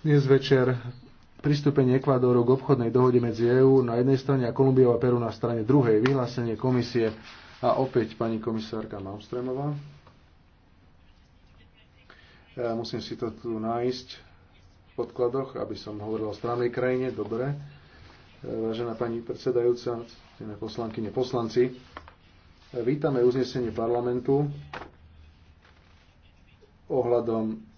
Dnes večer pristúpenie Ekvádoru k obchodnej dohode medzi EÚ na jednej strane a Kolumbiou a Peru na strane druhej. Vyhlásenie komisie a opäť pani komisárka Malmstremová. Ja musím si to tu nájsť v podkladoch, aby som hovoril o strannej krajine. Dobre. E, vážená pani predsedajúca, poslanky poslankyne, poslanci, e, vítame uznesenie parlamentu ohľadom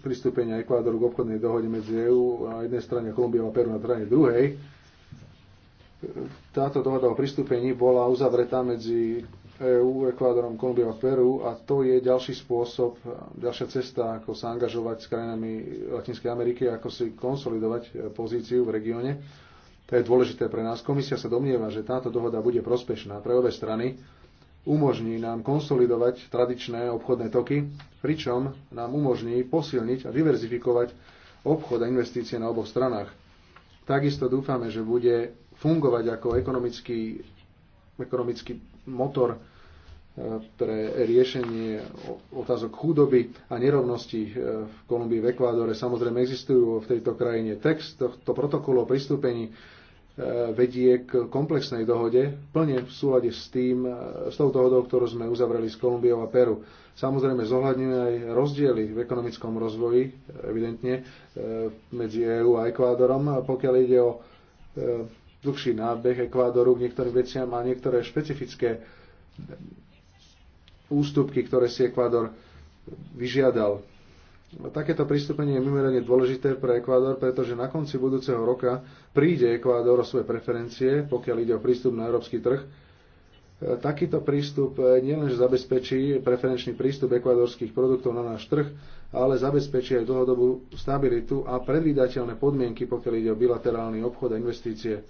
pristúpenia Ekvádoru k obchodnej dohode medzi EÚ a jednej strane Kolumbiou a Peru na strane druhej. Táto dohoda o pristúpení bola uzavretá medzi EÚ, Ekvádorom, Kolumbiou a Peru a to je ďalší spôsob, ďalšia cesta, ako sa angažovať s krajinami Latinskej Ameriky, ako si konsolidovať pozíciu v regióne. To je dôležité pre nás. Komisia sa domnieva, že táto dohoda bude prospešná pre obe strany umožní nám konsolidovať tradičné obchodné toky, pričom nám umožní posilniť a diverzifikovať obchod a investície na oboch stranách. Takisto dúfame, že bude fungovať ako ekonomický, ekonomický motor e, pre riešenie otázok chudoby a nerovností e, v Kolumbii, v Ekvádore. Samozrejme existujú v tejto krajine text tohto protokolu o pristúpení E, vedie k komplexnej dohode, plne v súlade s tým, e, s tou dohodou, ktorú sme uzavreli s Kolumbiou a Peru. Samozrejme, zohľadňujeme aj rozdiely v ekonomickom rozvoji, evidentne, e, medzi EÚ a Ekvádorom, pokiaľ ide o dlhší nábeh Ekvádoru k niektorým veciam a niektoré špecifické ústupky, ktoré si Ekvádor vyžiadal Takéto pristúpenie je mimoriadne dôležité pre Ekvádor, pretože na konci budúceho roka príde Ekvádor o svoje preferencie, pokiaľ ide o prístup na európsky trh. E, takýto prístup e, nielenže zabezpečí preferenčný prístup ekvádorských produktov na náš trh, ale zabezpečí aj dlhodobú stabilitu a predvídateľné podmienky, pokiaľ ide o bilaterálny obchod a investície.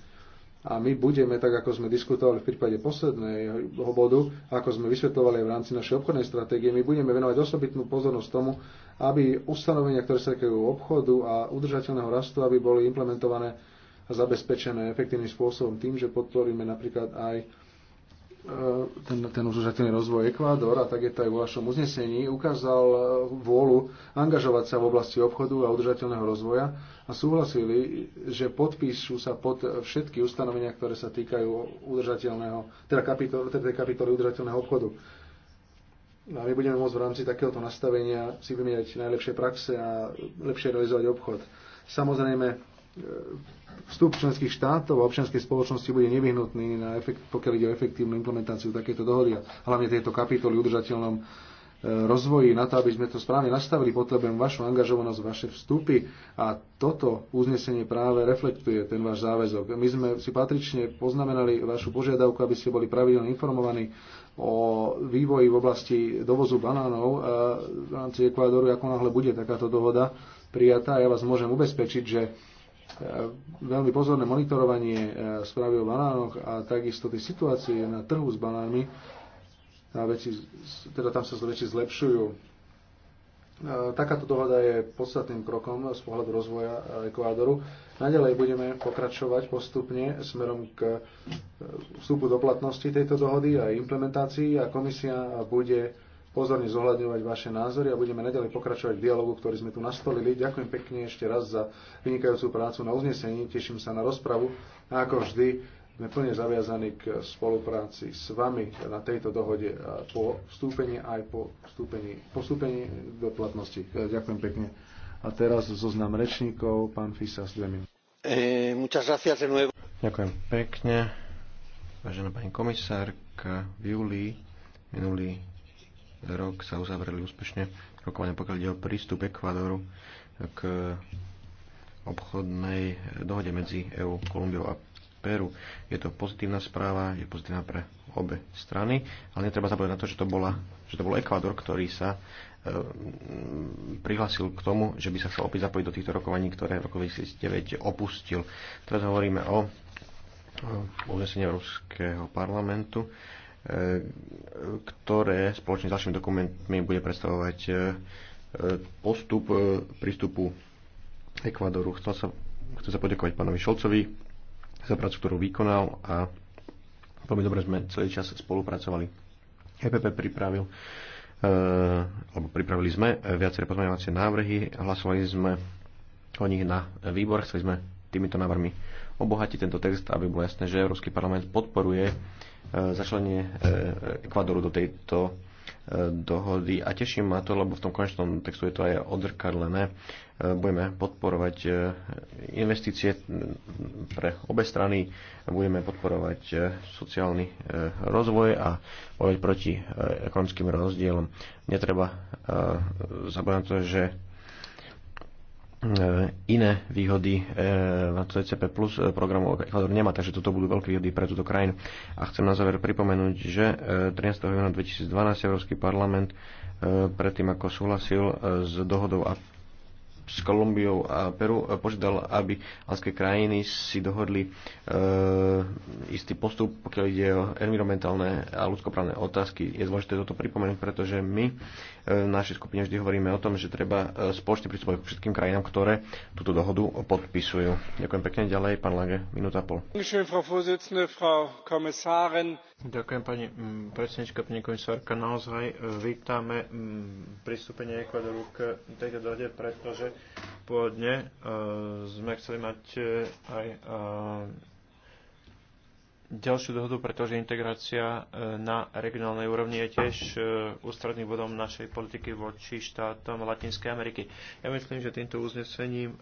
A my budeme, tak ako sme diskutovali v prípade posledného bodu, ako sme vysvetlovali aj v rámci našej obchodnej stratégie, my budeme venovať osobitnú pozornosť tomu, aby ustanovenia, ktoré sa týkajú obchodu a udržateľného rastu, aby boli implementované a zabezpečené efektívnym spôsobom tým, že podporíme napríklad aj e, ten, ten udržateľný rozvoj Ekvádor a tak je to aj vo vašom uznesení, ukázal e, vôľu angažovať sa v oblasti obchodu a udržateľného rozvoja a súhlasili, že podpíšu sa pod všetky ustanovenia, ktoré sa týkajú udržateľného, teda, kapitoly teda kapitoly udržateľného obchodu. No a my budeme môcť v rámci takéhoto nastavenia si vymieňať najlepšie praxe a lepšie realizovať obchod. Samozrejme, e, vstup členských štátov a občianskej spoločnosti bude nevyhnutný, na efekt, pokiaľ ide o efektívnu implementáciu takéto dohody a hlavne tejto kapitoly udržateľnom rozvoji. Na to, aby sme to správne nastavili, potrebujem vašu angažovanosť, vaše vstupy a toto uznesenie práve reflektuje ten váš záväzok. My sme si patrične poznamenali vašu požiadavku, aby ste boli pravidelne informovaní o vývoji v oblasti dovozu banánov v rámci Ekvádoru, ako náhle bude takáto dohoda prijatá. Ja vás môžem ubezpečiť, že e, veľmi pozorné monitorovanie e, správy o banánoch a takisto tej situácie na trhu s banánmi väčší, teda tam sa veci zlepšujú. Takáto dohoda je podstatným krokom z pohľadu rozvoja Ekvádoru. Naďalej budeme pokračovať postupne smerom k e, vstupu do platnosti tejto dohody a implementácii a komisia bude pozorne zohľadňovať vaše názory a budeme naďalej pokračovať v dialogu, ktorý sme tu nastolili. Ďakujem pekne ešte raz za vynikajúcu prácu na uznesení, teším sa na rozpravu a ako vždy sme plne zaviazaní k spolupráci s vami na tejto dohode e, po vstúpení aj po vstúpení, po vstúpení do platnosti. E, ďakujem pekne. A teraz zoznam rečníkov, pán Fisa s dvemi. e, Ďakujem pekne. Vážená pani komisárka, v júli minulý rok sa uzavreli úspešne rokovania, pokiaľ ide o prístup Ekvadoru k obchodnej dohode medzi EU, Kolumbiou a Peru. Je to pozitívna správa, je pozitívna pre obe strany, ale netreba zabúdať na to, že to, bola, že to bol Ekvador, ktorý sa e, prihlásil k tomu, že by sa chcel opäť zapojiť do týchto rokovaní, ktoré v roku 2009 opustil. Teraz hovoríme o, uznesení Európskeho parlamentu, e, ktoré spoločne s ďalšími dokumentmi bude predstavovať e, e postup e, prístupu Ekvadoru. Chcem sa, chcem sa poďakovať pánovi Šolcovi, za prácu, ktorú vykonal a veľmi dobre sme celý čas spolupracovali. EPP pripravil e, alebo pripravili sme viaceré pozmeňovacie návrhy, hlasovali sme o nich na výbor, chceli sme týmito návrhmi obohatiť tento text, aby bolo jasné, že Európsky parlament podporuje e, začlenie e, Ekvadoru do tejto dohody a teším ma to, lebo v tom konečnom textu je to aj odrkadlené. Budeme podporovať e, investície pre obe strany, budeme podporovať e, sociálny e, rozvoj a bojovať proti ekonomickým rozdielom. Netreba zabúdať to, že E, iné výhody e, na to CCP plus e, programu Ekvador nemá, takže toto budú veľké výhody pre túto krajinu. A chcem na záver pripomenúť, že 13. júna 2012 Európsky parlament predtým, ako súhlasil s dohodou s Kolumbiou a Peru požiadal, aby alské krajiny si dohodli e, istý postup, pokiaľ ide o environmentálne a ľudskoprávne otázky. Je zložité toto pripomenúť, pretože my e, v našej skupine vždy hovoríme o tom, že treba e, spoločne pristupovať k všetkým krajinám, ktoré túto dohodu podpisujú. Ďakujem pekne. Ďalej, pán Lange, minúta a pol. Frau Frau Ďakujem pani mm, predsednička, pani komisárka. Naozaj e, vítame mm, pristúpenie Ekvadoru k tejto dohode, pretože pôvodne e, sme chceli mať e, aj ďalšiu dohodu, pretože integrácia e, na regionálnej úrovni je tiež e, ústredným bodom našej politiky voči štátom Latinskej Ameriky. Ja myslím, že týmto uznesením e,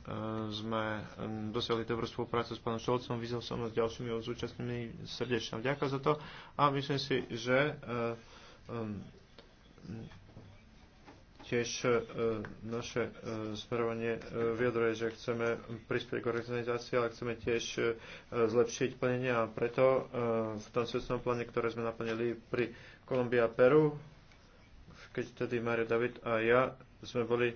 sme dosiahli dobrú spoluprácu s pánom Šolcom, vyzval som s ďalšími zúčastnými srdečná Ďakujem za to a myslím si, že Tiež e, naše smerovanie e, vyjadruje, že chceme prispieť k organizácii, ale chceme tiež e, zlepšiť plnenie a preto v tom cestnom pláne, ktoré sme naplnili pri Kolumbii a Peru, keď tedy Mario David a ja sme boli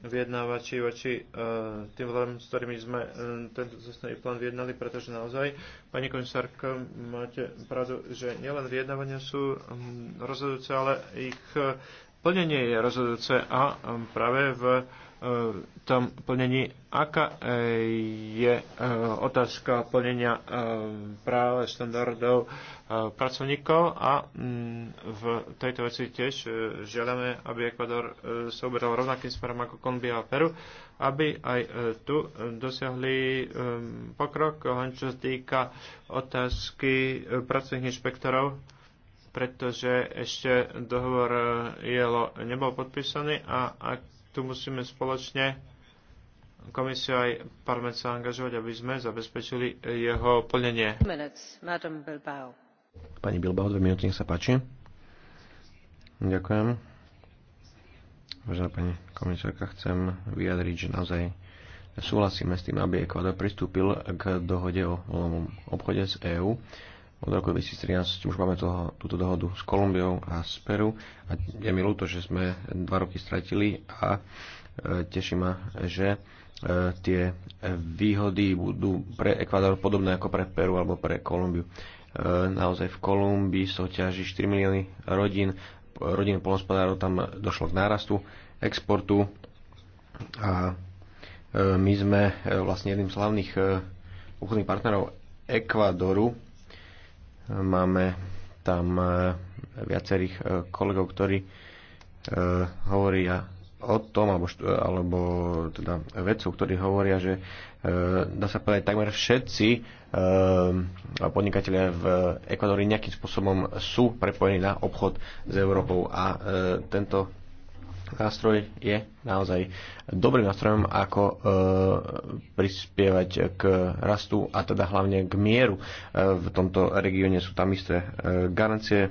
vyjednávači voči uh, tým vládom, s ktorými sme uh, tento cestný plán vyjednali, pretože naozaj, pani komisárka, máte pravdu, že nielen vyjednávania sú um, rozhodujúce, ale ich uh, plnenie je rozhodujúce a um, práve v um, tom plnení, aká eh, je eh, otázka plnenia eh, práve štandardov pracovníkov a mm, v tejto veci tiež žiadame, aby Ekvador sa uberal rovnakým smerom ako Kolumbia a Peru, aby aj tu dosiahli pokrok, len čo týka otázky pracovných inšpektorov pretože ešte dohovor ILO eh, nebol podpísaný a ak tu musíme spoločne komisiu aj parlament sa angažovať, aby sme zabezpečili jeho plnenie. Pani Bilbao, dve minúty, nech sa páči. Ďakujem. Vážená pani komisárka, chcem vyjadriť, že naozaj súhlasíme s tým, aby Ekvador pristúpil k dohode o voľnom obchode s EÚ od roku 2013 už máme toho, túto dohodu s Kolumbiou a s Peru a je mi ľúto, že sme dva roky stratili a e, teší ma, že e, tie výhody budú pre Ekvádor podobné ako pre Peru alebo pre Kolumbiu. E, naozaj v Kolumbii soťaží 4 milióny rodín, rodín polnospodárov tam došlo k nárastu exportu a e, my sme e, vlastne jedným z hlavných e, obchodných partnerov Ekvádoru Máme tam e, viacerých e, kolegov, ktorí e, hovoria o tom, alebo, alebo teda vedcov, ktorí hovoria, že dá sa povedať, takmer všetci podnikatelia v Ekvadori nejakým spôsobom sú prepojení na obchod s Európou a tento nástroj je naozaj dobrým nástrojom, ako e, prispievať k rastu a teda hlavne k mieru. E, v tomto regióne sú tam isté e, garancie, e,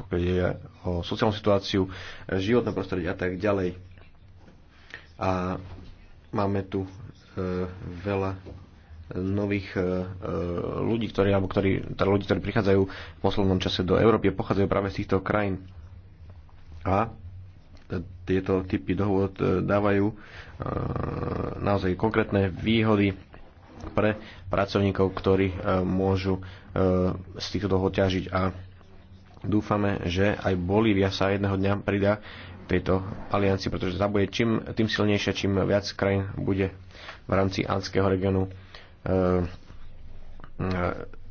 pokiaľ je o sociálnu situáciu, e, životné prostredie a tak ďalej. A máme tu e, veľa nových ľudí, ktorí, alebo ktorí, teda ľudí, ktorí prichádzajú v poslednom čase do Európy, pochádzajú práve z týchto krajín a tieto typy dohôd e, dávajú e, naozaj konkrétne výhody pre pracovníkov, ktorí e, môžu z týchto dohôd ťažiť a dúfame, že aj Bolívia sa jedného dňa pridá tejto aliancii, pretože tá bude čím, tým silnejšia, čím viac krajín bude v rámci Andského regionu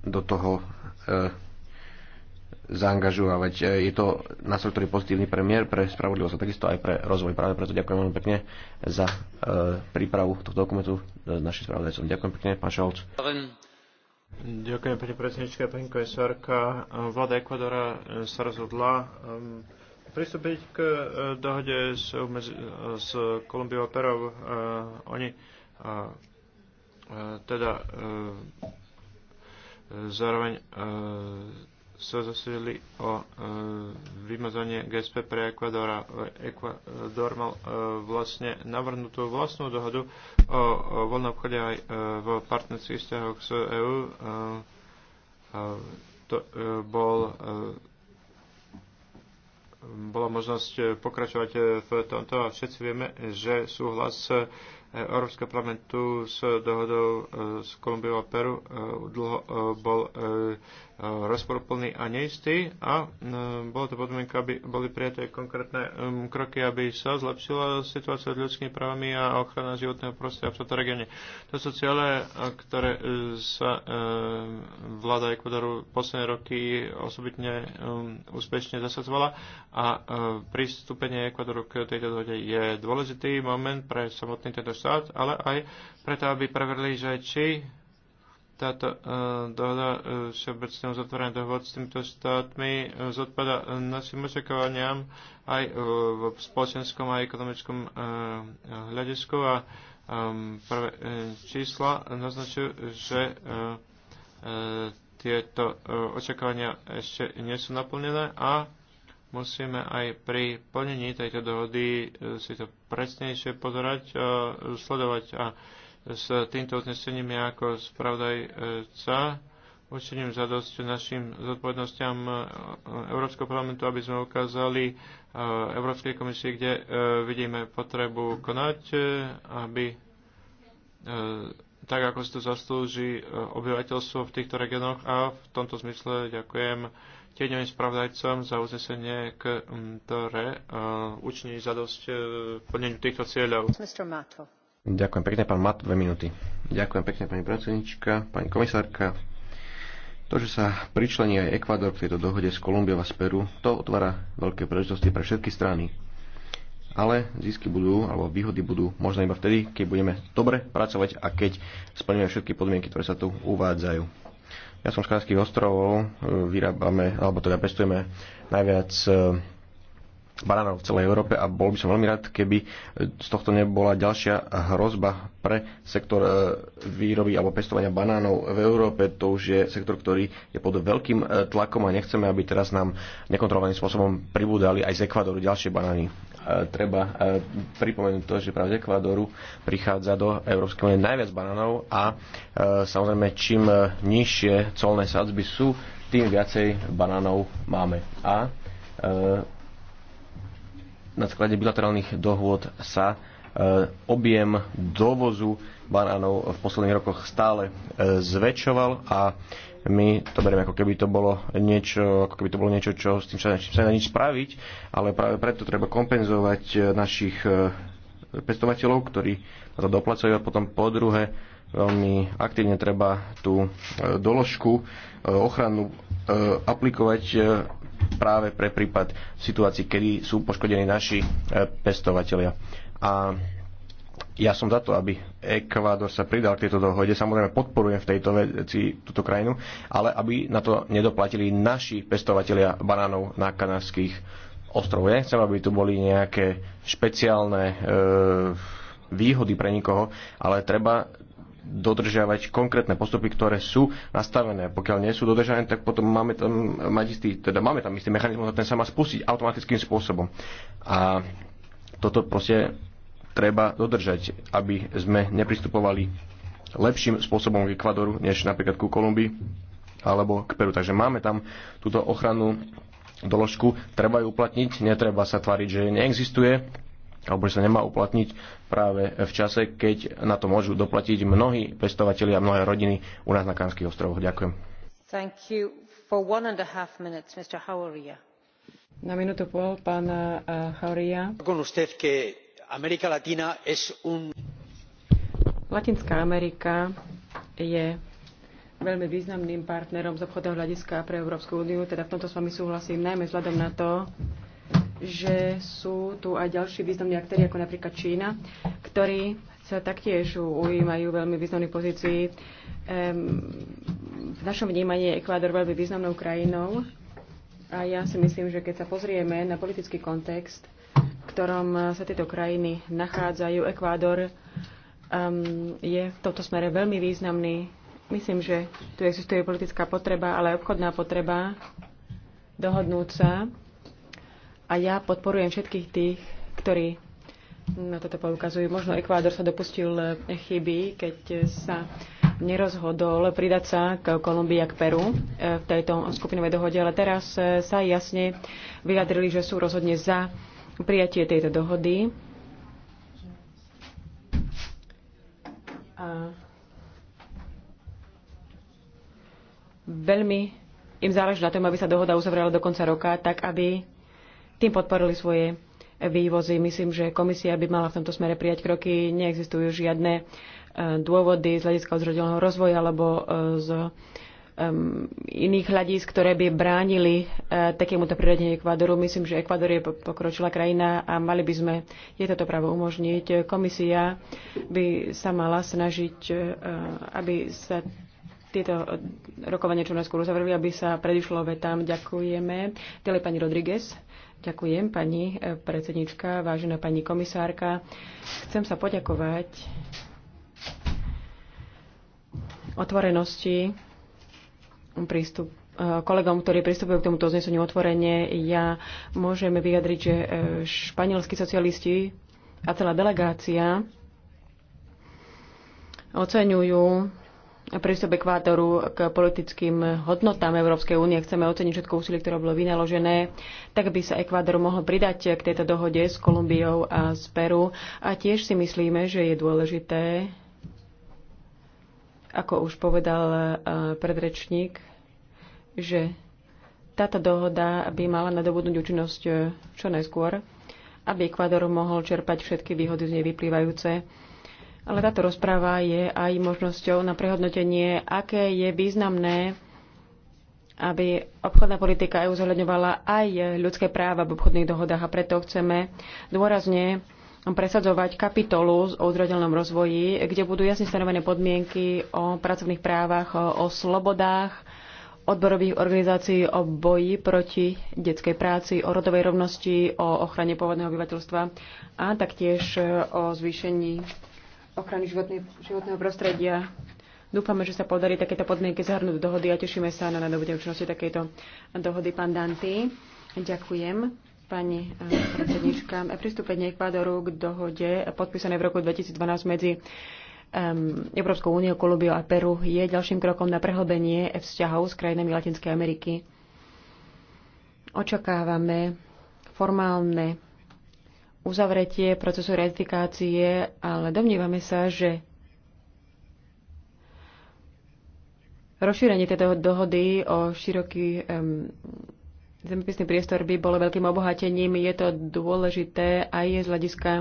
do toho zaangažovať. E, je to nástroj, ktorý je pozitívny pre mier, pre spravodlivosť a takisto aj pre rozvoj. Práve preto ďakujem veľmi pekne za e, prípravu tohto dokumentu s e, našim spravodajcom. Ďakujem pekne, pán Šolc. Ďakujem pani predsednička, pani komisárka. Vláda Ekvadora sa rozhodla pristúpiť k dohode s, s Kolumbiou a Perou. Oni teda zároveň sa zasadili o e, vymazanie GSP pre Ekvadora. Ekvador mal e, vlastne navrhnutú vlastnú dohodu o, o voľnom obchode aj e, v partnerských vzťahoch s EÚ. E, e to e, bol e, bola možnosť pokračovať e, v tomto a všetci vieme, že súhlas Európskeho parlamentu s dohodou eh, s Kolumbiou a Peru eh, dlho eh, bol rozporúplný a neistý a bola to podmienka, aby boli prijaté konkrétne kroky, aby sa zlepšila situácia s ľudskými právami a ochrana životného prostredia v tomto regióne. To sú ciele, ktoré sa vláda Ekvadoru posledné roky osobitne úspešne zasadzovala a pristúpenie Ekvadoru k tejto dohode je dôležitý moment pre samotný tento štát, ale aj preto, aby preverili, že či táto uh, dohoda uh, eh, všeobecného zatvorenia dohod s týmito štátmi uh, zodpada uh, našim očakávaniam aj uh, v spoločenskom a ekonomickom uh, hľadisku a um, prvé uh, čísla naznačujú, že uh, uh, tieto uh, očakávania ešte nie sú naplnené a musíme aj pri plnení tejto dohody e, si to presnejšie pozerať a e, sledovať. A s týmto uznesením ja ako spravodajca za zadosť našim zodpovednostiam e, Európskeho parlamentu, aby sme ukázali Európskej komisii, kde vidíme potrebu konať, aby tak, ako si to zaslúži e, obyvateľstvo v týchto regiónoch a v tomto zmysle ďakujem tieňovým spravdajcom za uznesenie, ktoré e. e, učiní dosť plneniu týchto cieľov. Ďakujem pekne, pán Mat, dve minúty. Ďakujem pekne, pani predsednička, pani komisárka. To, že sa pričlení aj Ekvádor k tejto dohode s Kolumbiou a Speru, to otvára veľké príležitosti pre všetky strany ale zisky budú, alebo výhody budú možno iba vtedy, keď budeme dobre pracovať a keď splníme všetky podmienky, ktoré sa tu uvádzajú. Ja som z Kanárských ostrovov, e, vyrábame, alebo teda pestujeme najviac e, banánov v celej Európe a bol by som veľmi rád, keby e, z tohto nebola ďalšia hrozba pre sektor výroby alebo pestovania banánov v Európe. To už je sektor, ktorý je pod veľkým tlakom a nechceme, aby teraz nám nekontrolovaným spôsobom pribúdali aj z Ekvadoru ďalšie banány treba pripomenúť to, že práve z Ekvádoru prichádza do Európskej únie najviac bananov a samozrejme čím e, nižšie colné sadzby sú, tým viacej banánov máme. A e, na sklade bilaterálnych dohôd sa Eh, objem dovozu banánov v posledných rokoch stále eh, zväčšoval a my to berieme ako keby to bolo niečo, ako keby to bolo niečo, čo s tým sa, sa nedá nič spraviť, ale práve preto treba kompenzovať eh, našich pestovateľov, ktorí na to doplacujú a potom po druhé veľmi aktívne treba tú doložku ochranu aplikovať práve pre prípad situácií, kedy sú poškodení naši pestovateľia a ja som za to, aby Ekvádor sa pridal k tejto dohode. Samozrejme podporujem v tejto veci túto krajinu, ale aby na to nedoplatili naši pestovatelia banánov na kanárskych ostrovoch. Ja nechcem, aby tu boli nejaké špeciálne e, výhody pre nikoho, ale treba dodržiavať konkrétne postupy, ktoré sú nastavené. Pokiaľ nie sú dodržané, tak potom máme tam, mať istý, teda máme tam istý mechanizmus, ten sa má spustiť automatickým spôsobom. A toto proste treba dodržať, aby sme nepristupovali lepším spôsobom k Ekvadoru, než napríklad ku Kolumbii alebo k Peru. Takže máme tam túto ochranu doložku, treba ju uplatniť, netreba sa tváriť, že neexistuje alebo že sa nemá uplatniť práve v čase, keď na to môžu doplatiť mnohí pestovateľi a mnohé rodiny u nás na Kanských ostrovoch. Ďakujem. Thank you. For one and a half minutes, Mr. Hauria. Na minútu pol, pán eh, Hauria. Latinská Amerika je veľmi významným partnerom z obchodného hľadiska pre Európsku úniu, teda v tomto s vami súhlasím, najmä vzhľadom na to, že sú tu aj ďalší významní aktéry, ako napríklad Čína, ktorí sa taktiež ujímajú veľmi významných pozícií. v našom vnímaní je Ekvádor veľmi významnou krajinou a ja si myslím, že keď sa pozrieme na politický kontext, v ktorom sa tieto krajiny nachádzajú, Ekvádor um, je v tomto smere veľmi významný. Myslím, že tu existuje politická potreba, ale aj obchodná potreba dohodnúť sa. A ja podporujem všetkých tých, ktorí na toto poukazujú. Možno Ekvádor sa dopustil chyby, keď sa nerozhodol pridať sa k Kolumbii a k Peru e, v tejto skupinovej dohode, ale teraz e, sa jasne vyjadrili, že sú rozhodne za prijatie tejto dohody. A veľmi im záleží na tom, aby sa dohoda uzavrela do konca roka, tak aby tým podporili svoje vývozy. Myslím, že komisia by mala v tomto smere prijať kroky. Neexistujú žiadne e, dôvody z hľadiska odzrodeného rozvoja alebo e, z iných hľadísk, ktoré by bránili e, takémuto prirodeniu Ekvádoru. Myslím, že Ekvádor je pokročilá krajina a mali by sme je toto právo umožniť. Komisia by sa mala snažiť, aby sa tieto rokovania čo najskôr uzavreli, aby sa predišlo vetám. Ďakujeme. Tele pani Rodriguez. Ďakujem, pani e, predsednička, vážená pani komisárka. Chcem sa poďakovať otvorenosti prístup, e, kolegom, ktorí pristupujú k tomuto zneseniu otvorenie. Ja môžem vyjadriť, že e, španielskí socialisti a celá delegácia oceňujú prístup ekvátoru k politickým hodnotám Európskej únie. Chceme oceniť všetko úsilie, ktoré bolo vynaložené, tak by sa Ekvádor mohol pridať k tejto dohode s Kolumbiou a s Peru. A tiež si myslíme, že je dôležité, ako už povedal e, predrečník, že táto dohoda by mala nadobudnúť účinnosť e, čo najskôr, aby Ekvádor mohol čerpať všetky výhody z nej vyplývajúce ale táto rozpráva je aj možnosťou na prehodnotenie, aké je významné, aby obchodná politika EU zohľadňovala aj ľudské práva v obchodných dohodách a preto chceme dôrazne presadzovať kapitolu o udržateľnom rozvoji, kde budú jasne stanovené podmienky o pracovných právach, o slobodách, odborových organizácií o boji proti detskej práci, o rodovej rovnosti, o ochrane pôvodného obyvateľstva a taktiež o zvýšení ochrany životne, životného prostredia. Dúfame, že sa podarí takéto podmienky zahrnúť do dohody a tešíme sa na nadobudenie činnosti takéto dohody. Pán Danty, ďakujem. Pani eh, predsednička, e, pristúpenie Ekvádoru k dohode podpísané v roku 2012 medzi um, Európskou úniou, Kolumbiou a Peru je ďalším krokom na prehlbenie vzťahov s krajinami Latinskej Ameriky. Očakávame formálne uzavretie procesu ratifikácie, ale domnívame sa, že rozšírenie tejto dohody o široký um, zemepisný priestor by bolo veľkým obohatením. Je to dôležité aj z hľadiska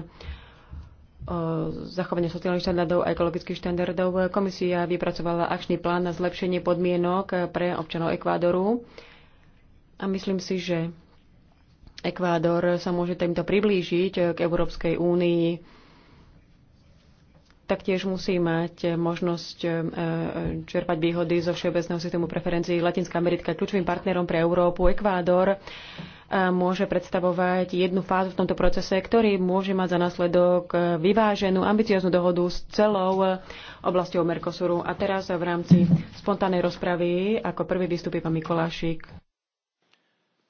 zachovania sociálnych štandardov a ekologických štandardov. Komisia vypracovala akčný plán na zlepšenie podmienok pre občanov Ekvádoru a myslím si, že Ekvádor sa môže týmto priblížiť eh, k Európskej únii, taktiež musí mať eh, možnosť eh, čerpať výhody zo všeobecného systému preferencií. Latinská Amerika je kľúčovým partnerom pre Európu. Ekvádor môže predstavovať jednu fázu v tomto procese, ktorý môže mať za následok vyváženú, ambicioznú dohodu s celou oblasťou Mercosuru. A teraz v rámci spontánnej rozpravy ako prvý vystupí pán Mikolášik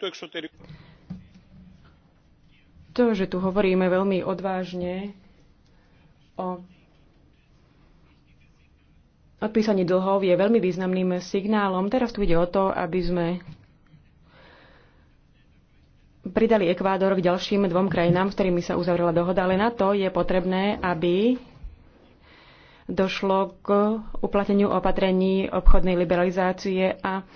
To, že tu hovoríme veľmi odvážne o odpísaní dlhov, je veľmi významným signálom. Teraz tu ide o to, aby sme pridali Ekvádor k ďalším dvom krajinám, s ktorými sa uzavrela dohoda, ale na to je potrebné, aby došlo k uplateniu opatrení obchodnej liberalizácie a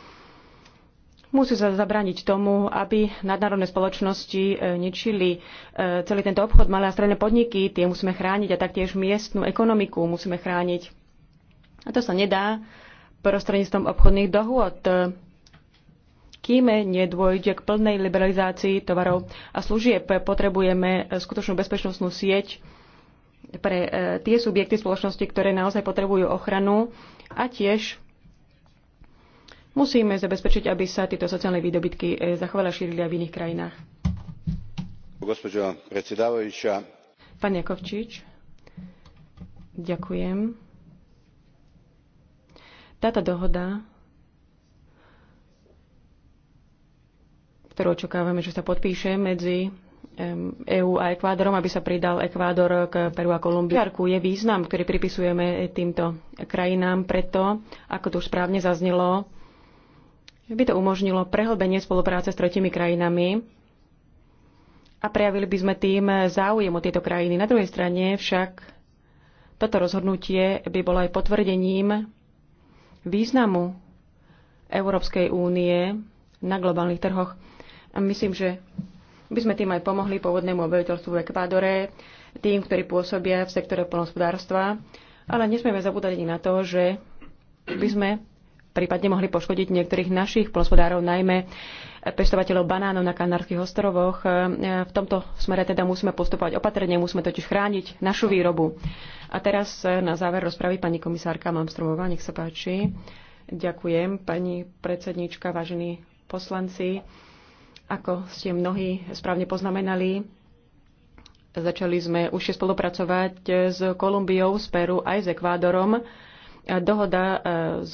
Musí sa zabrániť tomu, aby nadnárodné spoločnosti e, ničili e, celý tento obchod. Malé a stredné podniky, tie musíme chrániť a taktiež miestnu ekonomiku musíme chrániť. A to sa nedá prostredníctvom obchodných dohôd, kým nedôjde k plnej liberalizácii tovarov a služieb. Potrebujeme skutočnú bezpečnostnú sieť pre e, tie subjekty spoločnosti, ktoré naozaj potrebujú ochranu a tiež Musíme zabezpečiť, aby sa tieto sociálne výdobytky e, zachovali a šírili aj v iných krajinách. Pán Jakovčič, ďakujem. Táto dohoda ktorú očakávame, že sa podpíše medzi EÚ e a Ekvádorom, aby sa pridal Ekvádor k Peru a Kolumbii. Je význam, ktorý pripisujeme týmto krajinám preto, ako tu už správne zaznelo, by to umožnilo prehlbenie spolupráce s tretimi krajinami a prejavili by sme tým záujem o tieto krajiny. Na druhej strane však toto rozhodnutie by bolo aj potvrdením významu Európskej únie na globálnych trhoch. A myslím, že by sme tým aj pomohli pôvodnému obyvateľstvu v Ekvádore, tým, ktorí pôsobia v sektore polnospodárstva, ale nesmieme zabúdať ani na to, že by sme prípadne mohli poškodiť niektorých našich plospodárov, najmä pestovateľov banánov na Kanárskych ostrovoch. E, v tomto smere teda musíme postupovať opatrne, musíme totiž chrániť našu výrobu. A teraz e, na záver rozpravy pani komisárka Mamstromová, nech sa páči. Ďakujem, pani predsedníčka, vážení poslanci. Ako ste mnohí správne poznamenali, začali sme už spolupracovať e, s Kolumbiou, s Peru aj s Ekvádorom dohoda s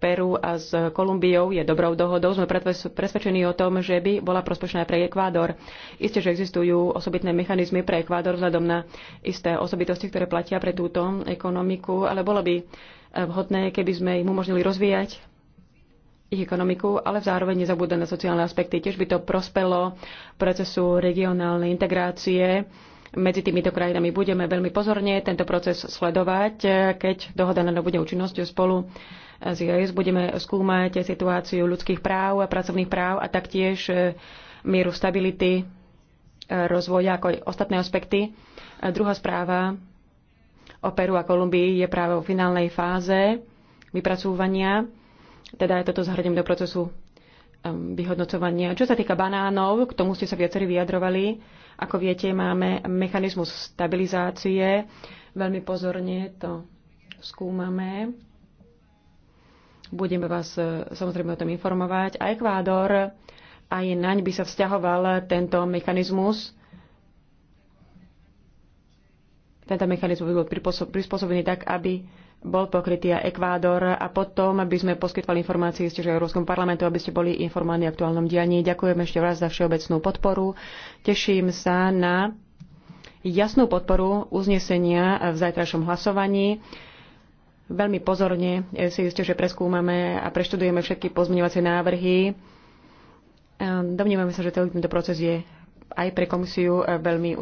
Peru a s Kolumbiou je dobrou dohodou. Sme presvedčení o tom, že by bola prospešná pre Ekvádor. Isté, že existujú osobitné mechanizmy pre Ekvádor vzhľadom na isté osobitosti, ktoré platia pre túto ekonomiku, ale bolo by eh, vhodné, keby sme im umožnili rozvíjať ich ekonomiku, ale zároveň nezabúda na sociálne aspekty. Tiež by to prospelo procesu regionálnej integrácie medzi týmito krajinami. Budeme veľmi pozorne tento proces sledovať, keď dohoda na bude účinnosťou spolu z IAS. Budeme skúmať situáciu ľudských práv a pracovných práv a taktiež e, mieru stability, e, rozvoja, ako aj ostatné aspekty. Druhá správa o Peru a Kolumbii je práve v finálnej fáze vypracúvania, teda je toto zahrnem do procesu e, vyhodnocovania. Čo sa týka banánov, k tomu ste sa viacerí vyjadrovali, ako viete, máme mechanizmus stabilizácie. Veľmi pozorne to skúmame. Budeme vás e, samozrejme o tom informovať. A Ekvádor, aj naň by sa vzťahoval tento mechanizmus. Tento mechanizmus by bol prispôsobený tak, aby bol pokrytý aj Ekvádor a potom aby sme poskytovali informácie ešte Európskom parlamentu, aby ste boli informovaní o aktuálnom dianí. Ďakujem ešte raz za všeobecnú podporu. Teším sa na jasnú podporu uznesenia v zajtrajšom hlasovaní. Veľmi pozorne si ste, že preskúmame a preštudujeme všetky pozmeňovacie návrhy. Ehm, Domnívame sa, že celý tento proces je aj pre komisiu eh, veľmi užitočný.